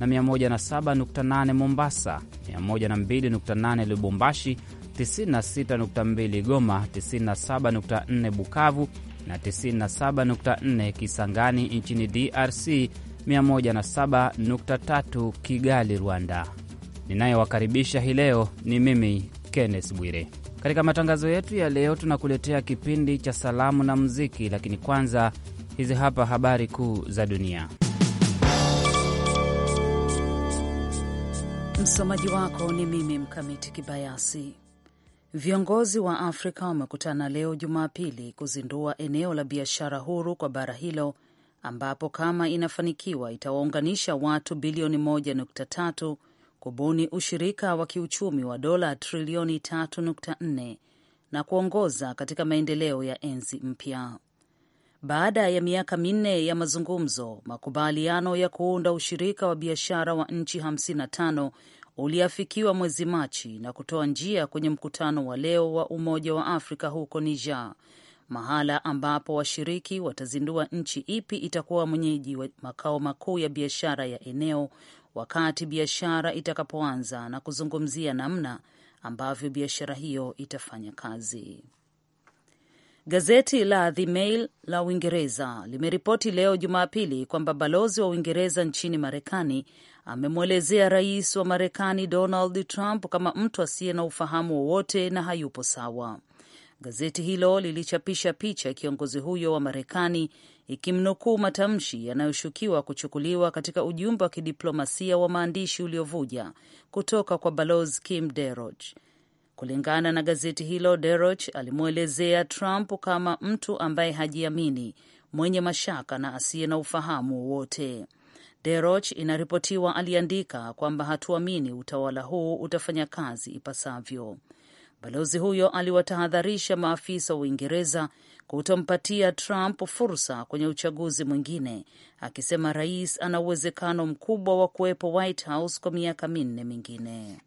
na 107.8 Mombasa, 102.8 Lubumbashi, 96.2 Goma, 97.4 Bukavu na 97.4 Kisangani nchini DRC, 107.3 Kigali, Rwanda. Ninayewakaribisha hii leo ni mimi Kenneth Bwire. Katika matangazo yetu ya leo tunakuletea kipindi cha salamu na muziki, lakini kwanza hizi hapa habari kuu za dunia. Msomaji wako ni mimi Mkamiti Kibayasi. Viongozi wa Afrika wamekutana leo Jumapili kuzindua eneo la biashara huru kwa bara hilo ambapo kama inafanikiwa itawaunganisha watu bilioni 1.3 kubuni ushirika wa kiuchumi wa dola trilioni 3.4 na kuongoza katika maendeleo ya enzi mpya. Baada ya miaka minne ya mazungumzo, makubaliano ya kuunda ushirika wa biashara wa nchi 55 uliafikiwa mwezi Machi na kutoa njia kwenye mkutano wa leo wa Umoja wa Afrika huko Niger, mahala ambapo washiriki watazindua nchi ipi itakuwa mwenyeji wa makao makuu ya biashara ya eneo wakati biashara itakapoanza na kuzungumzia namna ambavyo biashara hiyo itafanya kazi. Gazeti la The Mail la Uingereza limeripoti leo Jumapili kwamba balozi wa Uingereza nchini Marekani amemwelezea rais wa Marekani Donald Trump kama mtu asiye na ufahamu wowote na hayupo sawa. Gazeti hilo lilichapisha picha ya kiongozi huyo wa Marekani ikimnukuu matamshi yanayoshukiwa kuchukuliwa katika ujumbe wa kidiplomasia wa maandishi uliovuja kutoka kwa balozi Kim Darroch. Kulingana na gazeti hilo, Deroch alimwelezea Trump kama mtu ambaye hajiamini, mwenye mashaka na asiye na ufahamu wowote. Deroch inaripotiwa aliandika kwamba hatuamini utawala huu utafanya kazi ipasavyo. Balozi huyo aliwatahadharisha maafisa wa Uingereza kutompatia Trump fursa kwenye uchaguzi mwingine, akisema rais ana uwezekano mkubwa wa kuwepo White House kwa miaka minne mingine.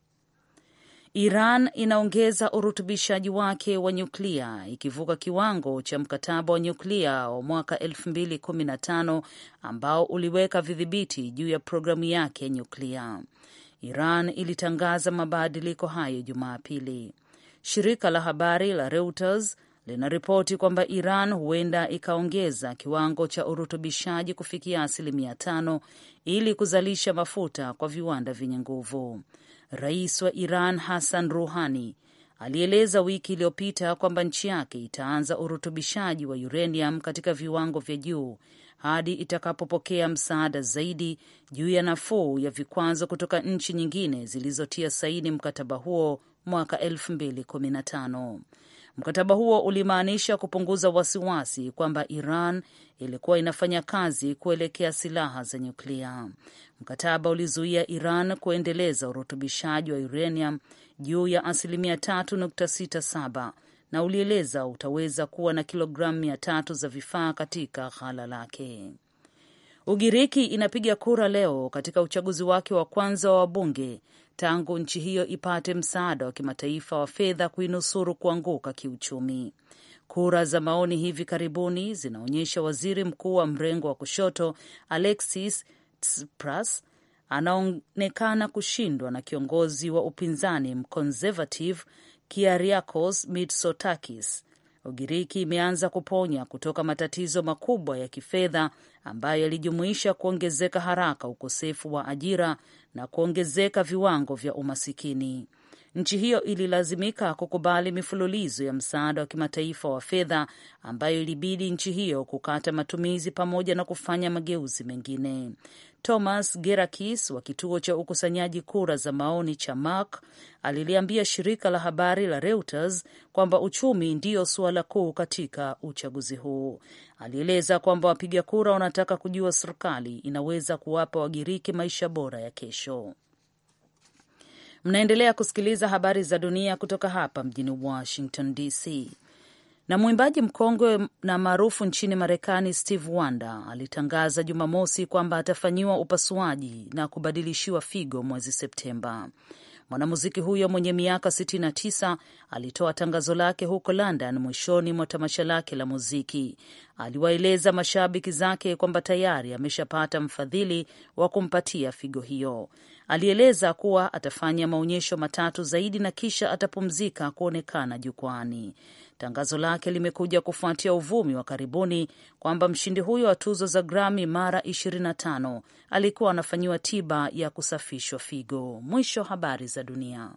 Iran inaongeza urutubishaji wake wa nyuklia ikivuka kiwango cha mkataba wa nyuklia wa mwaka 2015 ambao uliweka vidhibiti juu ya programu yake ya nyuklia. Iran ilitangaza mabadiliko hayo Jumapili. Shirika la habari la Reuters linaripoti kwamba Iran huenda ikaongeza kiwango cha urutubishaji kufikia asilimia tano ili kuzalisha mafuta kwa viwanda vyenye nguvu. Rais wa Iran Hassan Rouhani alieleza wiki iliyopita kwamba nchi yake itaanza urutubishaji wa uranium katika viwango vya juu hadi itakapopokea msaada zaidi juu ya nafuu ya vikwazo kutoka nchi nyingine zilizotia saini mkataba huo mwaka 2015. Mkataba huo ulimaanisha kupunguza wasiwasi kwamba Iran ilikuwa inafanya kazi kuelekea silaha za nyuklia. Mkataba ulizuia Iran kuendeleza urutubishaji wa uranium juu ya asilimia 3.67 na ulieleza utaweza kuwa na kilogramu mia tatu za vifaa katika ghala lake. Ugiriki inapiga kura leo katika uchaguzi wake wa kwanza wa wabunge tangu nchi hiyo ipate msaada wa kimataifa wa fedha kuinusuru kuanguka kiuchumi. Kura za maoni hivi karibuni zinaonyesha waziri mkuu wa mrengo wa kushoto Alexis Tsipras anaonekana kushindwa na kiongozi wa upinzani mconservative Kyriakos Mitsotakis Ugiriki imeanza kuponya kutoka matatizo makubwa ya kifedha ambayo yalijumuisha kuongezeka haraka ukosefu wa ajira na kuongezeka viwango vya umasikini. Nchi hiyo ililazimika kukubali mifululizo ya msaada wa kimataifa wa fedha ambayo ilibidi nchi hiyo kukata matumizi pamoja na kufanya mageuzi mengine. Thomas Gerakis wa kituo cha ukusanyaji kura za maoni cha Mark aliliambia shirika la habari la Reuters kwamba uchumi ndiyo suala kuu katika uchaguzi huu. Alieleza kwamba wapiga kura wanataka kujua serikali inaweza kuwapa Wagiriki maisha bora ya kesho. Mnaendelea kusikiliza habari za dunia kutoka hapa mjini Washington DC. Na mwimbaji mkongwe na maarufu nchini Marekani Steve Wonder alitangaza Jumamosi kwamba atafanyiwa upasuaji na kubadilishiwa figo mwezi Septemba. Mwanamuziki huyo mwenye miaka 69 alitoa tangazo lake huko London mwishoni mwa tamasha lake la muziki. Aliwaeleza mashabiki zake kwamba tayari ameshapata mfadhili wa kumpatia figo hiyo. Alieleza kuwa atafanya maonyesho matatu zaidi na kisha atapumzika kuonekana jukwani. Tangazo lake limekuja kufuatia uvumi wa karibuni kwamba mshindi huyo wa tuzo za Grammy mara 25 alikuwa anafanyiwa tiba ya kusafishwa figo. Mwisho habari za dunia.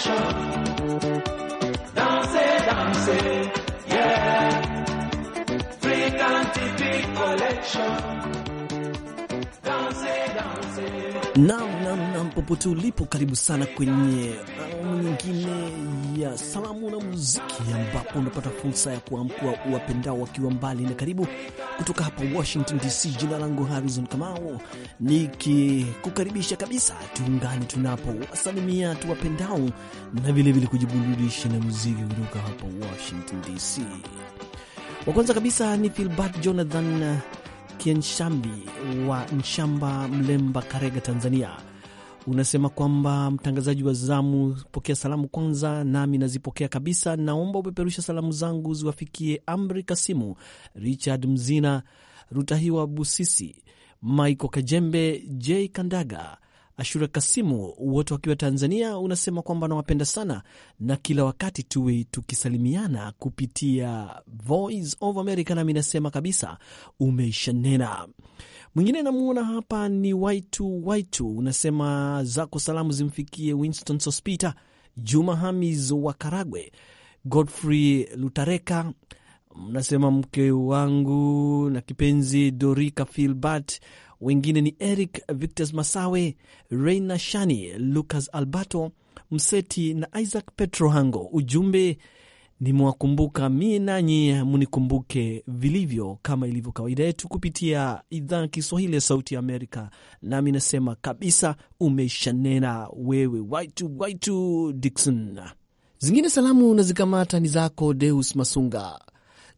connection. Dansez, dansez, yeah. Fréquent collection. Now popote ulipo, karibu sana kwenye awamu nyingine ya salamu na muziki, ambapo unapata fursa ya kuamkua uwapendao wakiwa mbali na karibu, kutoka hapa Washington DC. Jina langu Harrison Kamau, nikikukaribisha kabisa, tuungane tunapo wasalimia tuwapendao na vilevile kujiburudisha na muziki kutoka hapa Washington DC. Wa kwanza kabisa ni Filbert Jonathan Kienshambi wa Nshamba, Mlemba, Karega, Tanzania unasema kwamba mtangazaji wa zamu, pokea salamu kwanza, nami nazipokea kabisa. Naomba upeperusha salamu zangu ziwafikie Amri Kasimu, Richard Mzina, Rutahiwa Busisi, Maiko Kajembe, J Kandaga, Ashura Kasimu, wote wakiwa Tanzania. Unasema kwamba nawapenda sana na kila wakati tuwe tukisalimiana kupitia Voice of America, nami nasema kabisa, umeisha nena. Mwingine namuona hapa ni Waitu Waitu, unasema zako salamu zimfikie Winston Sospita, Juma Hamis wa Karagwe, Godfrey Lutareka, nasema mke wangu na kipenzi Dorika Filbert. Wengine ni Eric Victos Masawe, Reina Shani, Lucas Alberto Mseti na Isaac Petro Hango. Ujumbe nimewakumbuka mie, nanyi mnikumbuke vilivyo, kama ilivyo kawaida yetu kupitia idhaa Kiswahili ya Sauti ya Amerika. Nami nasema kabisa, umeshanena wewe, waitu waitu Dikson. Zingine salamu na zikamata ni zako Deus Masunga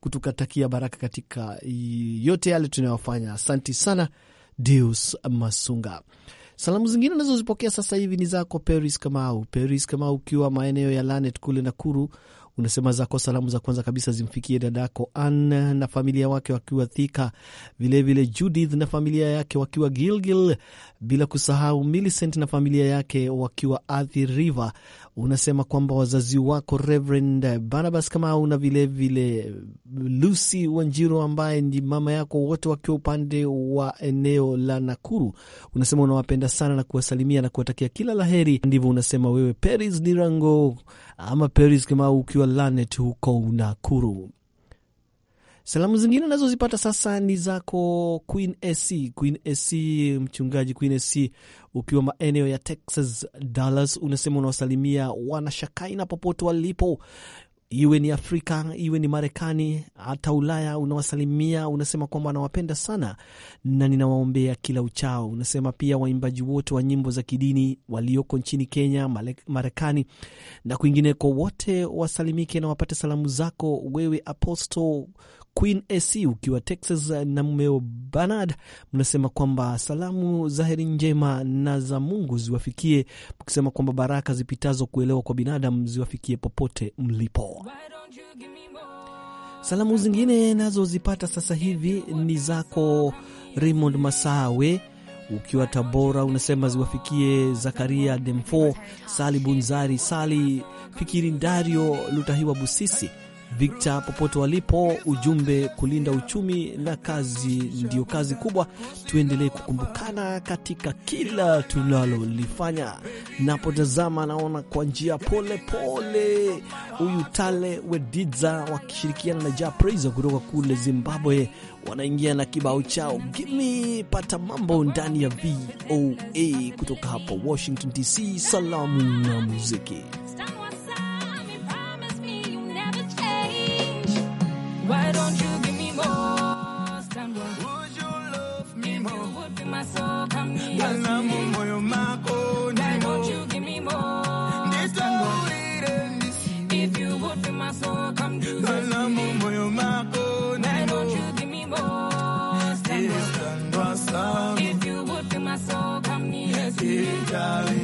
kutukatakia baraka katika yote yale tunayofanya. Asanti sana Deus Masunga. Salamu zingine unazozipokea sasa hivi ni zako Peris Kamau. Peris Kamau, ukiwa maeneo ya Lanet kule Nakuru, unasema zako salamu za kwanza kabisa zimfikie dadako Ann na familia wake wakiwa Thika, vilevile Judith na familia yake wakiwa Gilgil, bila kusahau Millicent na familia yake wakiwa Athi River unasema kwamba wazazi wako Reverend Barnabas Kamau na vilevile Lucy Wanjiro ambaye ni mama yako, wote wakiwa upande wa eneo la Nakuru. Unasema unawapenda sana na kuwasalimia na kuwatakia kila laheri. Ndivyo unasema wewe, Peris Nirango ama Peris Kamau, ukiwa Lanet huko Nakuru. Salamu zingine nazozipata sasa ni zako Queen AC, Queen AC, mchungaji Queen AC, ukiwa maeneo ya Texas, Dallas, unasema unawasalimia wanashakaina popote walipo, iwe ni Afrika, iwe ni Marekani, hata Ulaya. Unawasalimia, unasema kwamba anawapenda sana na ninawaombea kila uchao. Unasema pia waimbaji wote wa nyimbo za kidini walioko nchini Kenya, Marekani na kwingineko, wote wasalimike na wapate salamu zako wewe, Apostle Queen AC ukiwa Texas na mmeo Bernard, mnasema kwamba salamu za heri njema na za Mungu ziwafikie, mkisema kwamba baraka zipitazo kuelewa kwa binadamu ziwafikie popote mlipo. Salamu zingine nazozipata sasa hivi ni zako Raymond Masawe ukiwa Tabora, unasema ziwafikie Zakaria Demfo, Sali Bunzari, Sali Fikiri, Dario Lutahiwa Busisi Victor popote walipo, ujumbe kulinda uchumi na kazi ndiyo kazi kubwa. Tuendelee kukumbukana katika kila tunalolifanya. Napotazama naona kwa njia pole pole, huyu Tale Wediza wakishirikiana na Ja kutoka kule Zimbabwe wanaingia na kibao chao gimi pata mambo ndani ya VOA kutoka hapa Washington DC. Salamu na muziki. Why don't you give me more? Stand Would you love me if more? You would be my soul, come near Wala me? Why don't you give me more? This love it this. If you would be my soul, come do this. me. Why don't you give me more? Stand If you would be my soul, come near Yes, me.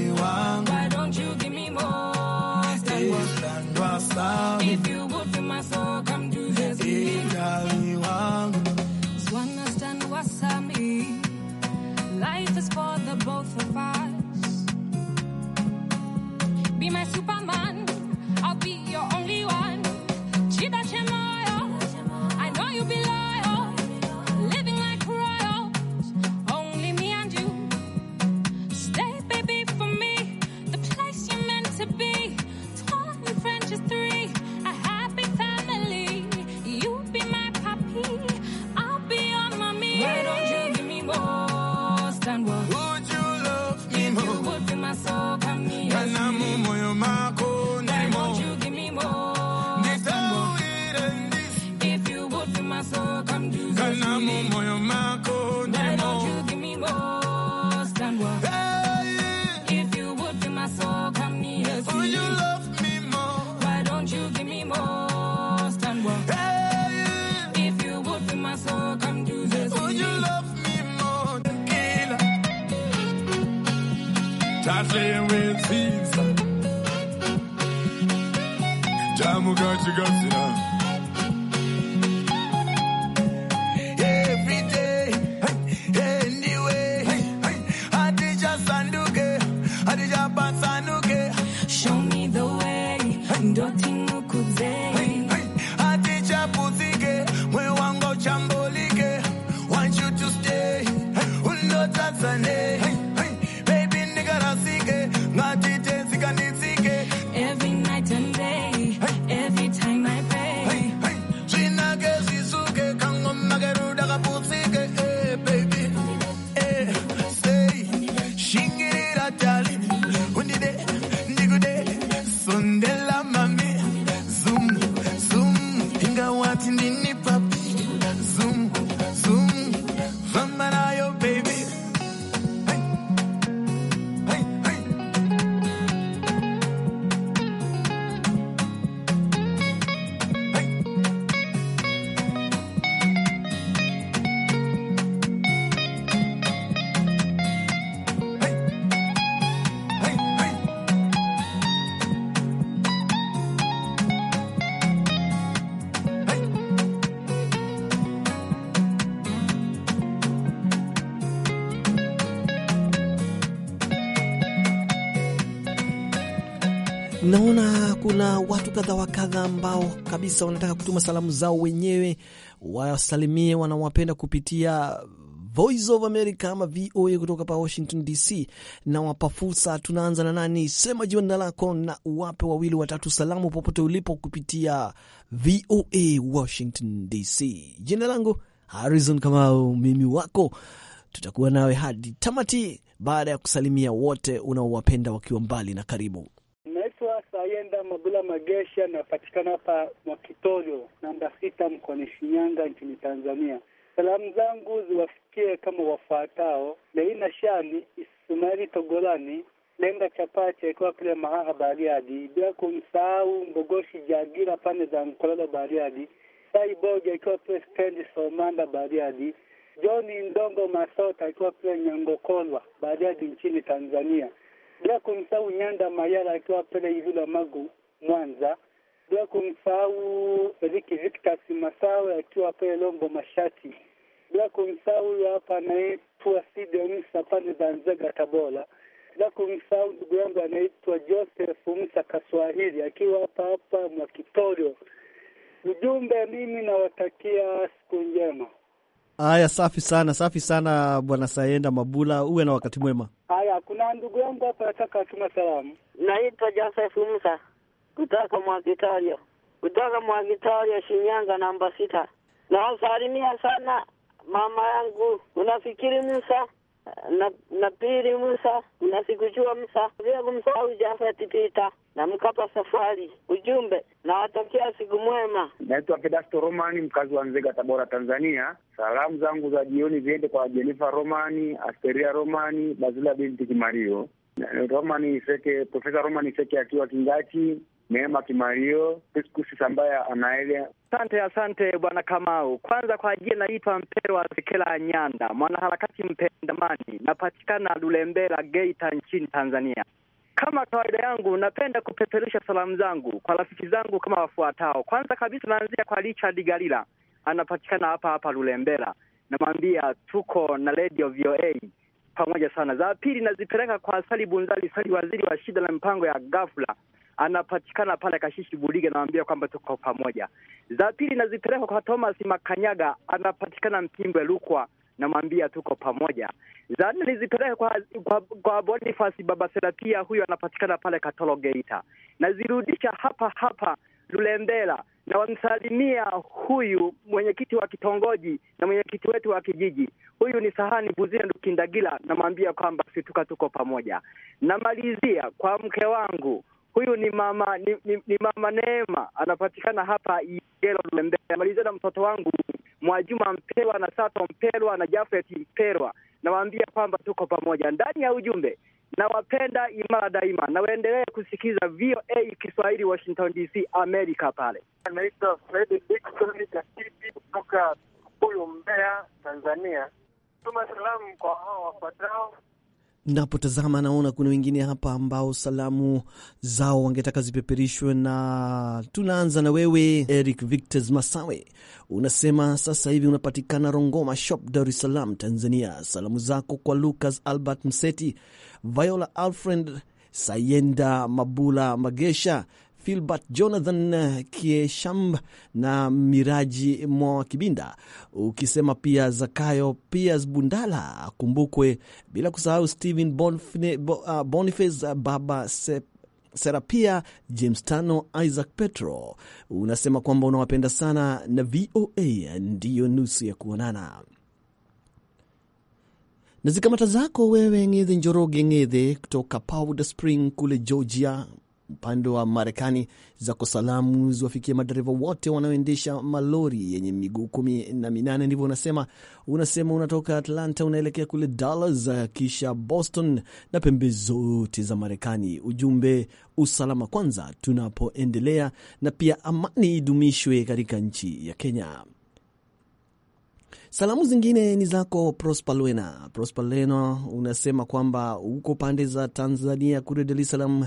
both of us. Be my super playing with Time will go to go. Naona kuna watu kadha wa kadha ambao kabisa wanataka kutuma salamu zao wenyewe wasalimie wanawapenda kupitia Voice of America ama VOA kutoka pa Washington DC. Na fursa, tunaanza na nani? Sema jina lako na uwape wawili watatu salamu popote ulipo kupitia VOA Washington DC. Jina langu Harrison Kamau, mimi wako, tutakuwa nawe hadi tamati, baada ya kusalimia wote unaowapenda wakiwa mbali na karibu. Alienda Mabula Magesha, napatikana hapa Mwakitorio namba sita mkoani Shinyanga nchini Tanzania. Salamu zangu ziwafikie kama wafuatao: Leina shani Ismaili Togolani, Lenga Chapache akiwa pale Mahaha Bariadi, bila kumsahau Mbogoshi Jagira pande za Mkololo Bariadi, Sai akiwa pale stendi Somanda Bariadi, Johni Ndongo Masota akiwa pale Nyangokolwa Bariadi nchini Tanzania bila kumsahau Nyanda Mayara akiwa pale Ivula Magu Mwanza, bila kumsahau Riki Victus Masawe akiwa pale Lombo Mashati, bila kumsahau huyo hapa anaitwa Sidi pande za Nzega Tabora, bila kumsahau ndugu yangu anaitwa Joseph msa Kaswahili akiwa hapa hapa Mwakitorio. Ujumbe, mimi nawatakia siku njema. Haya, safi sana, safi sana Bwana Sayenda Mabula, uwe na wakati mwema. Haya, kuna ndugu yangu hapa nataka tuma salamu. Naitwa Joseph Musa kutoka Mwakitorio, kutoka Mwakitorio, Shinyanga, namba sita. Nawasalimia sana mama yangu unafikiri Musa na, na pili Musa unasikujua Musa, bila kumsahau Jafet Pita na Mkapa Safari. Ujumbe, nawatakia siku mwema. Naitwa Pedasto Romani, mkazi wa Nzega, Tabora, Tanzania. Salamu zangu za jioni ziende kwa Jenifa Romani, Asteria Romani, Bazila binti Kimario, Romani seke Profesa Romani Seke akiwa Kingati, Neema Kimario, Piskusi Sambaya anaelea. Asante, asante Bwana Kamau. Kwanza kwa ajili, naitwa Mpero wa Sekela Nyanda, mwanaharakati mpendamani, napatikana Lulembela, Geita nchini Tanzania. Kama kawaida yangu, napenda kupeperusha salamu zangu kwa rafiki zangu kama wafuatao. Kwanza kabisa, naanzia kwa Richard Galila, anapatikana hapa hapa Lulembela. Namwambia tuko na Radio VOA pamoja sana. Za pili nazipeleka kwa Sali Bunzali Sali, waziri wa shida na mipango ya ghafla, anapatikana pale Kashishi buliga Namwambia kwamba tuko pamoja. Za pili nazipeleka kwa Thomas Makanyaga, anapatikana Mpimbwe Lukwa namwambia tuko pamoja. Zana nizipeleke kwa, kwa, kwa Bonifasi baba Serapia, huyo anapatikana pale Katoro Geita. Nazirudisha hapa hapa Lulembela na wamsalimia huyu mwenyekiti wa kitongoji na mwenyekiti wetu wa kijiji. Huyu ni Sahani Buzia Ndukindagila, namwambia kwamba situka tuko pamoja. Namalizia kwa mke wangu Huyu ni mama ni, ni, ni mama Neema, anapatikana hapa Igelo Lulembe. Amaliza na mtoto wangu Mwajuma Mpelwa na Sato Mpelwa na Jafet Mpelwa, nawaambia kwamba tuko pamoja ndani ya ujumbe. Nawapenda imara daima, na waendelee kusikiza VOA Kiswahili, Washington DC, Amerika. Pale anaitwa Fred Dickson Katiti kutoka Mbeya, Tanzania. Tuma salamu kwa hao wafuatao napotazama naona kuna wengine hapa ambao salamu zao wangetaka zipeperishwe, na tunaanza na wewe Eric victos Masawe. Unasema sasa hivi unapatikana Rongoma Shop, Dar es Salaam, Tanzania. Salamu zako kwa Lucas Albert Mseti, Viola Alfred Sayenda Mabula Magesha Philbert Jonathan Kieshamb na Miraji Mwa Kibinda, ukisema pia Zakayo Piers Bundala akumbukwe, bila kusahau Stephen uh, Boniface, uh, Baba Sep Serapia James Tano, Isaac Petro. Unasema kwamba unawapenda sana na VOA ndiyo nusu ya kuonana na zikamata zako wewe Ng'edhe Njoroge Ng'edhe kutoka Powder Spring kule Georgia, upande wa Marekani zako salamu ziwafikia madereva wote wanaoendesha malori yenye miguu kumi na minane, ndivyo unasema. Unasema unatoka Atlanta unaelekea kule Dallas, kisha Boston na pembe zote za Marekani. Ujumbe usalama kwanza tunapoendelea, na pia amani idumishwe katika nchi ya Kenya. Salamu zingine ni zako Prosper Lwena. unasema kwamba huko pande za Tanzania kule Dar es Salaam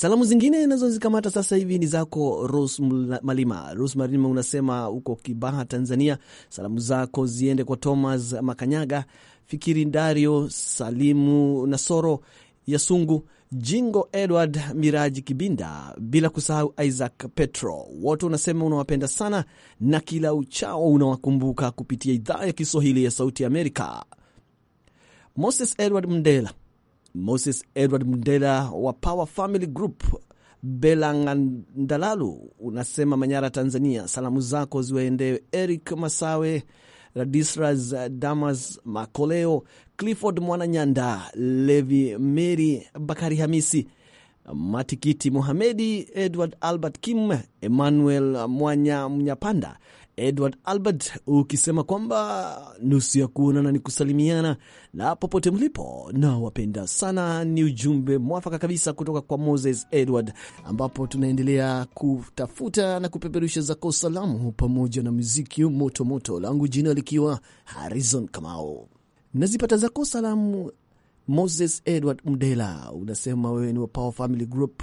Salamu zingine nazozikamata sasa hivi ni zako Ros Malima. Ros Malima unasema huko Kibaha, Tanzania. Salamu zako ziende kwa Thomas Makanyaga, Fikiri Ndario, Salimu Nasoro, Yasungu Jingo, Edward Miraji Kibinda, bila kusahau Isaac Petro. Wote unasema unawapenda sana na kila uchao unawakumbuka kupitia idhaa ya Kiswahili ya Sauti Amerika. Moses Edward Mndela Moses Edward Mndela wa Power Family Group Belangandalalu unasema Manyara, Tanzania. Salamu zako ziwaendee Eric Masawe, Radisras Damas, Makoleo Clifford Mwananyanda, Levi Meri, Bakari Hamisi, Matikiti Muhamedi, Edward Albert Kim, Emmanuel Mwanya Mnyapanda, Edward Albert ukisema kwamba nusu ya kuonana ni kusalimiana na popote mlipo na wapenda sana. Ni ujumbe mwafaka kabisa kutoka kwa Moses Edward, ambapo tunaendelea kutafuta na kupeperusha zako salamu pamoja na muziki moto moto, langu jina likiwa Harrison Kamau. Nazipata zako salamu Moses Edward Mdela, unasema wewe ni wa Power Family Group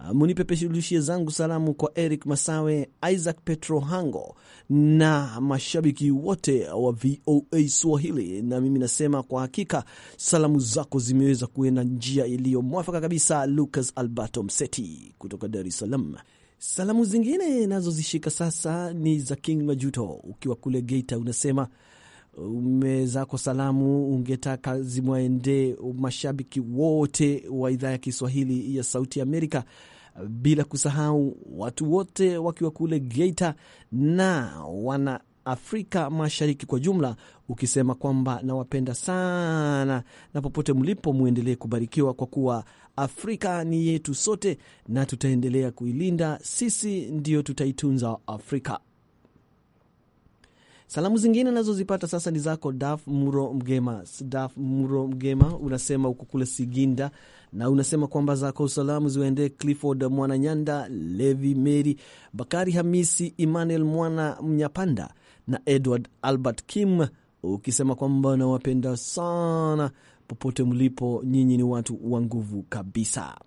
Ah, munipepeshurushie zangu salamu kwa Eric Masawe, Isaac Petro Hango na mashabiki wote wa VOA Swahili. Na mimi nasema kwa hakika salamu zako zimeweza kuenda njia iliyomwafaka kabisa. Lucas Alberto Mseti kutoka Dar es Salaam. Salamu zingine nazozishika sasa ni za King Majuto, ukiwa kule Geita, unasema umezako salamu ungetaka zimwaende mashabiki wote wa idhaa ya Kiswahili ya Sauti Amerika, bila kusahau watu wote wakiwa kule Geita na wana Afrika Mashariki kwa jumla, ukisema kwamba nawapenda sana na popote mlipo mwendelee kubarikiwa, kwa kuwa Afrika ni yetu sote na tutaendelea kuilinda. Sisi ndio tutaitunza Afrika. Salamu zingine nazozipata sasa ni zako Daf Muro Mgema. Daf Muro Mgema unasema uko kule Siginda na unasema kwamba zako salamu ziwaendee Clifford Mwananyanda, Levi Meri, Bakari Hamisi, Emmanuel Mwana Mnyapanda na Edward Albert Kim, ukisema kwamba nawapenda sana popote mlipo, nyinyi ni watu wa nguvu kabisa.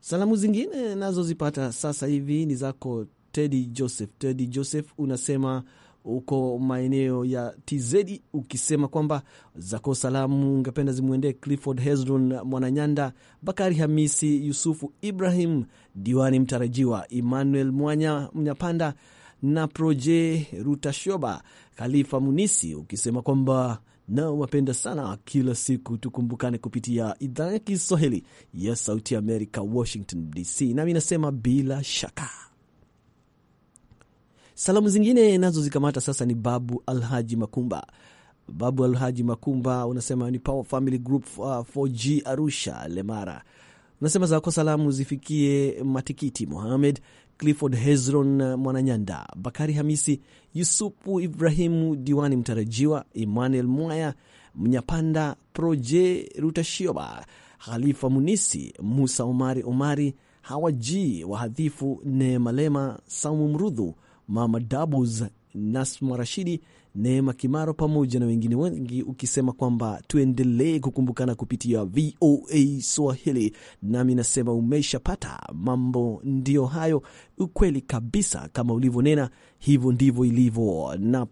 Salamu zingine nazozipata sasa hivi ni zako Tedi Joseph. Tedi Joseph unasema huko maeneo ya TZ, ukisema kwamba zako salamu ungependa zimwendee Clifford Hezron Mwananyanda, Bakari Hamisi, Yusufu Ibrahim, diwani mtarajiwa Emmanuel Mwanya Mnyapanda na Proje Rutashoba, Khalifa Munisi, ukisema kwamba nao wapenda sana kila siku tukumbukane kupitia idhaa ya Kiswahili ya Sauti ya Amerika, Washington DC. Nami nasema bila shaka Salamu zingine nazo zikamata sasa ni Babu Alhaji Makumba. Babu Alhaji Makumba unasema ni Power Family Group 4G uh, Arusha Lemara. Unasema zako salamu zifikie Matikiti Mohamed, Clifford Hezron uh, Mwananyanda, Bakari Hamisi, Yusufu Ibrahimu Diwani Mtarajiwa, Emmanuel Mwaya Mnyapanda, Proje Rutashioba, Khalifa Munisi, Musa Omari Omari, Hawaji Wahadhifu, Neemalema, Saumu Mrudhu, Mama Doubles, Nasma Rashidi, Neema Kimaro pamoja na wengine wengi, ukisema kwamba tuendelee kukumbukana kupitia VOA Swahili. Nami nasema umeshapata. Mambo ndiyo hayo, ukweli kabisa, kama ulivyonena, hivyo ndivyo ilivyo. Na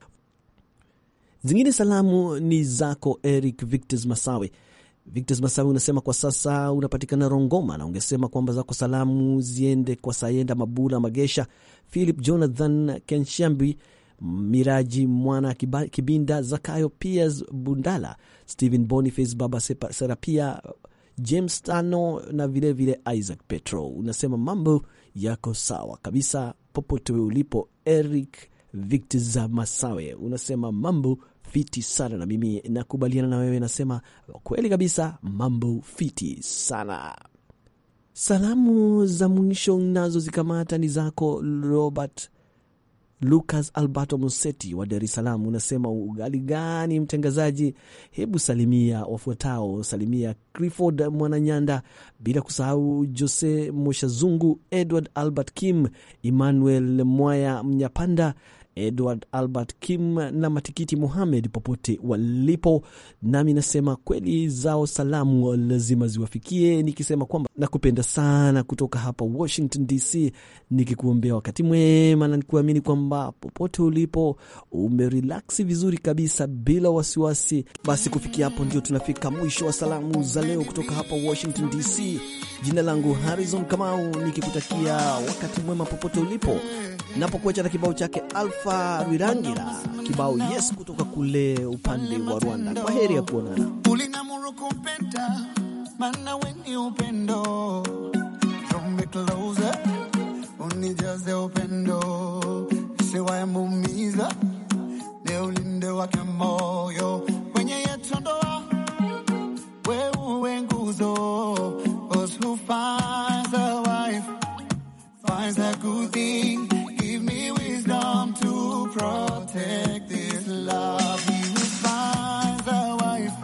zingine salamu ni zako Eric Victos Masawe Victos Masawi unasema kwa sasa unapatikana Rongoma, na ungesema kwamba zako salamu ziende kwa Sayenda Mabula Magesha, Philip Jonathan Kenshambi, Miraji Mwana Kibinda, Zakayo Piers Bundala, Stephen Boniface, Baba Serapia, James Tano na vilevile vile Isaac Petro. Unasema mambo yako sawa kabisa popote ulipo. Eric Victos Masawe unasema mambo fiti sana, na mimi nakubaliana na wewe, nasema kweli kabisa, mambo fiti sana. Salamu za mwisho nazo zikamata ni zako Robert Lucas Alberto Museti wa Dar es Salaam, unasema ugali gani mtangazaji? Hebu salimia wafuatao, salimia Clifford Mwananyanda, bila kusahau Jose Moshazungu, Edward Albert Kim, Emmanuel Mwaya Mnyapanda Edward Albert Kim na Matikiti Muhamed popote walipo, nami nasema kweli zao salamu lazima ziwafikie, nikisema kwamba nakupenda sana kutoka hapa Washington DC, nikikuombea wakati mwema na nikuamini kwamba popote ulipo umerilaksi vizuri kabisa bila wasiwasi. Basi kufikia hapo ndio tunafika mwisho wa salamu za leo kutoka hapa Washington DC. Jina langu Harrison Kamau, nikikutakia wakati mwema popote ulipo napokuacha na kibao chake Alfa Rwirangira, kibao yes kutoka kule upande wa Rwanda. Kwa heri ya kuonana. Ulinamuru upendo, unijaze upendo siwaemumiza ni ulinde wake moyo wenye yetondoa wewe nguzo those who finds a wife finds a good thing protect this love. He who finds a wife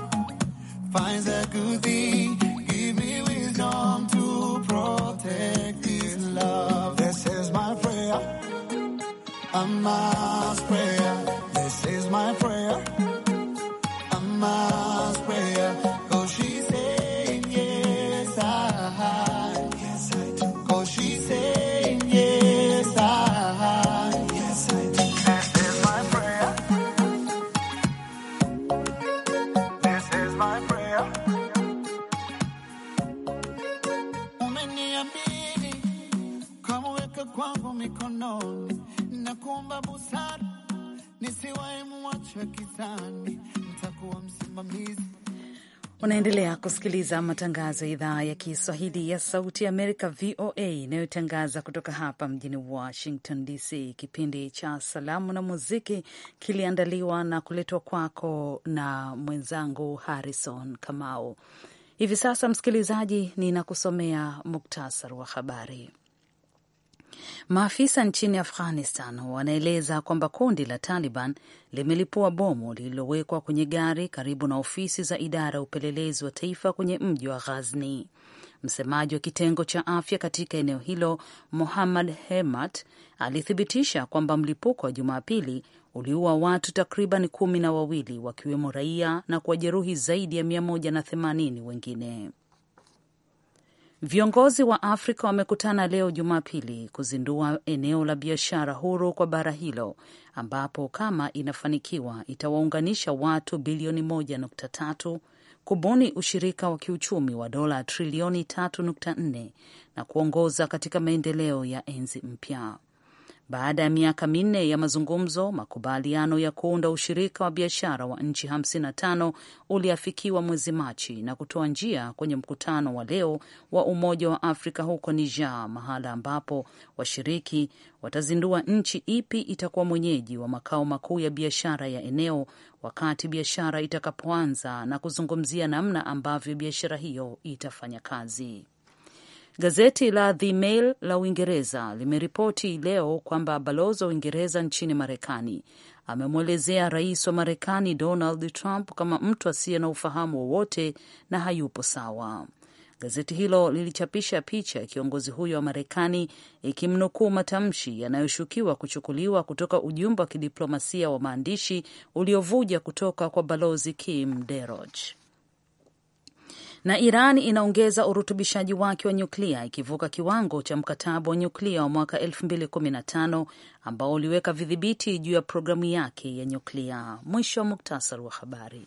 finds a good thing. Give me wisdom to protect this love. This is my prayer. I must pray. Unaendelea kusikiliza matangazo ya idhaa ya Kiswahili ya Sauti ya Amerika, VOA, inayotangaza kutoka hapa mjini Washington DC. Kipindi cha Salamu na Muziki kiliandaliwa na kuletwa kwako na mwenzangu Harrison Kamau. Hivi sasa, msikilizaji, ninakusomea muktasar wa habari. Maafisa nchini Afghanistan wanaeleza kwamba kundi la Taliban limelipua bomu lililowekwa kwenye gari karibu na ofisi za idara ya upelelezi wa taifa kwenye mji wa Ghazni. Msemaji wa kitengo cha afya katika eneo hilo muhamad Hemat alithibitisha kwamba mlipuko wa Jumapili uliua watu takriban kumi na wawili wakiwemo raia na kuwajeruhi zaidi ya mia moja na themanini wengine. Viongozi wa Afrika wamekutana leo Jumapili kuzindua eneo la biashara huru kwa bara hilo ambapo kama inafanikiwa itawaunganisha watu bilioni 1.3 kubuni ushirika wa kiuchumi wa dola trilioni 3.4 na kuongoza katika maendeleo ya enzi mpya. Baada ya miaka minne ya mazungumzo, makubaliano ya kuunda ushirika wa biashara wa nchi 55 uliafikiwa mwezi Machi na kutoa njia kwenye mkutano wa leo wa Umoja wa Afrika huko Niger, mahala ambapo washiriki watazindua nchi ipi itakuwa mwenyeji wa makao makuu ya biashara ya eneo wakati biashara itakapoanza na kuzungumzia namna ambavyo biashara hiyo itafanya kazi. Gazeti la The Mail la Uingereza limeripoti leo kwamba balozi wa Uingereza nchini Marekani amemwelezea rais wa Marekani Donald Trump kama mtu asiye na ufahamu wowote na hayupo sawa. Gazeti hilo lilichapisha picha ya kiongozi huyo wa Marekani ikimnukuu matamshi yanayoshukiwa kuchukuliwa kutoka ujumbe wa kidiplomasia wa maandishi uliovuja kutoka kwa balozi Kim Deroch na Iran inaongeza urutubishaji wake wa nyuklia ikivuka kiwango cha mkataba wa nyuklia wa mwaka 2015 ambao uliweka vidhibiti juu ya programu yake ya nyuklia. Mwisho wa muktasari wa habari.